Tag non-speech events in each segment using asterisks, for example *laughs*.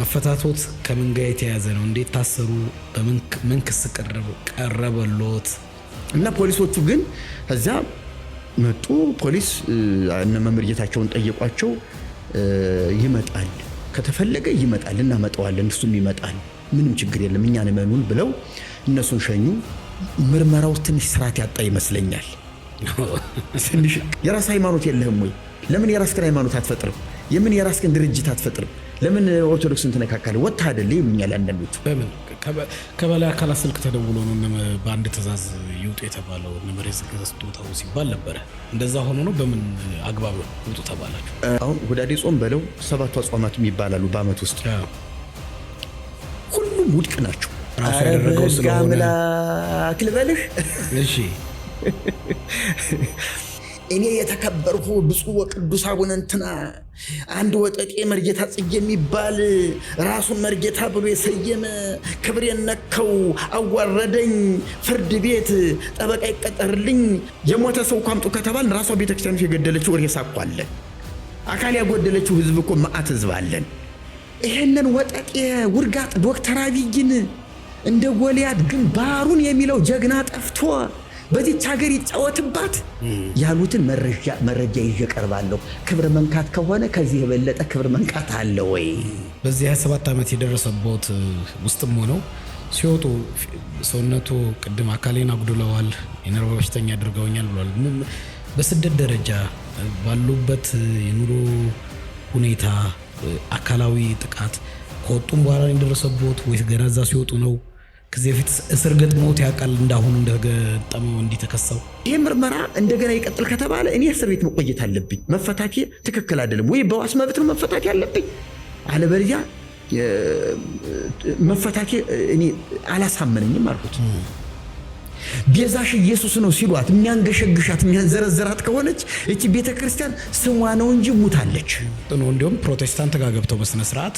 መፈታቶት ከምን ጋር የተያዘ ነው? እንዴት ታሰሩ? በምን ክስ ቀረበሎት? እና ፖሊሶቹ ግን ከዚያ መጡ። ፖሊስ እነ መምህር ጌታቸውን ጠየቋቸው። ይመጣል ከተፈለገ ይመጣል፣ እናመጣዋለን፣ እሱም ይመጣል፣ ምንም ችግር የለም፣ እኛን እመኑን ብለው እነሱን ሸኙ። ምርመራው ትንሽ ስርዓት ያጣ ይመስለኛል። ትንሽ የራስ ሃይማኖት የለህም ወይ? ለምን የራስህን ሃይማኖት አትፈጥርም? የምን የራስህን ድርጅት አትፈጥርም? ለምን ኦርቶዶክስን ትነካካለህ? ወታ አደለ ይሉኛል አንዳንዶቹ። በምን ከበላይ አካላት ስልክ ተደውሎ ነው በአንድ ትእዛዝ ይውጡ የተባለው መሬት ስጦታው ሲባል ነበረ። እንደዛ ሆኖ ነው በምን አግባብ ውጡ ተባላችሁ? አሁን ሁዳዴ ጾም በለው ሰባቱ አጽዋማት ይባላሉ በአመት ውስጥ ሁሉም ውድቅ ናቸው። ራሱ ያደረገው ስለሆነ አምላክ ልበልህ። እሺ *laughs* እኔ የተከበርኩ ብፁዕ ወቅዱስ አቡነ እንትና አንድ ወጠጤ መርጌታ ጽጌ የሚባል ራሱን መርጌታ ብሎ የሰየመ ክብር የነከው አዋረደኝ፣ ፍርድ ቤት ጠበቃ ይቀጠርልኝ። የሞተ ሰው እኮ አምጡ ከተባል ራሷ ቤተክርስቲያኖች የገደለችው ሬሳ እኮ አካል ያጎደለችው ህዝብ እኮ መዓት ህዝብ አለን። ይሄንን ወጠጤ ውርጋጥ ዶክተር አብይን እንደ ጎልያድ ግንባሩን የሚለው ጀግና ጠፍቶ በዚች ሀገር ይጫወትባት ያሉትን መረጃ ይዤ ቀርባለሁ። ክብር መንካት ከሆነ ከዚህ የበለጠ ክብር መንካት አለ ወይ? በዚህ 27 ዓመት የደረሰቦት ውስጥም ሆነው ሲወጡ ሰውነቱ ቅድም አካሌን አጉድለዋል፣ የነርቭ በሽተኛ አድርገውኛል ብሏል። በስደት ደረጃ ባሉበት የኑሮ ሁኔታ አካላዊ ጥቃት ከወጡም በኋላ የደረሰቦት ወይስ ገና እዛ ሲወጡ ነው? ከዚህ በፊት እስር ገጥሞት ያውቃል? እንዳሁኑ እንደገጠመው እንዲተከሰው ይህ ምርመራ እንደገና ይቀጥል ከተባለ እኔ እስር ቤት መቆየት አለብኝ። መፈታቴ ትክክል አይደለም። ወይ በዋስ መብት ነው መፈታቴ አለብኝ፣ አለበለዚያ መፈታቴ እኔ አላሳመነኝም አልኩት። ቤዛሽ ኢየሱስ ነው ሲሏት የሚያንገሸግሻት የሚያንዘረዘራት ከሆነች እቺ ቤተ ክርስቲያን ስሟ ነው እንጂ ሙታለች። እንዲሁም ፕሮቴስታንት ጋር ገብተው በስነ ስርዓት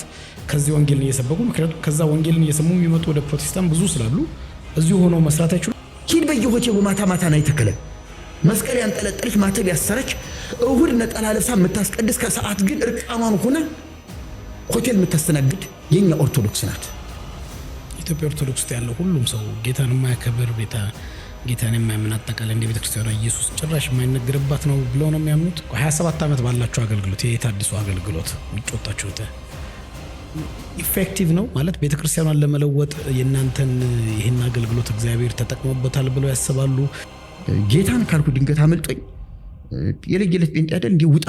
ከዚህ ወንጌልን እየሰበኩ ምክንያቱም ከዛ ወንጌልን እየሰሙ የሚመጡ ወደ ፕሮቴስታንት ብዙ ስላሉ እዚሁ ሆኖ መስራት አይችሉ። ሂድ በየሆቴሉ ማታ ማታ ና የተከለ መስቀል ያንጠለጠለች ማተብ ያሰረች እሁድ ነጠላ ለብሳ የምታስቀድስ ከሰዓት ግን እርቃኗን ሆነ ሆቴል የምታስተናግድ የኛ ኦርቶዶክስ ናት። ኢትዮጵያ ኦርቶዶክስ ውስጥ ያለው ሁሉም ሰው ጌታን የማያከብር ቤታ ጌታን የማያምን አጠቃላይ እንደ ቤተክርስቲያኗ ኢየሱስ ጭራሽ የማይነገርባት ነው ብለው ነው የሚያምኑት። 27 ዓመት ባላቸው አገልግሎት የታድሶ አገልግሎት ውጭ ኢፌክቲቭ ነው ማለት ቤተክርስቲያኗን ለመለወጥ የእናንተን ይህን አገልግሎት እግዚአብሔር ተጠቅሞበታል ብለው ያስባሉ። ጌታን ካልኩ ድንገት አመልጦኝ የለየለት ጴንጤ አይደል እንዲህ ውጣ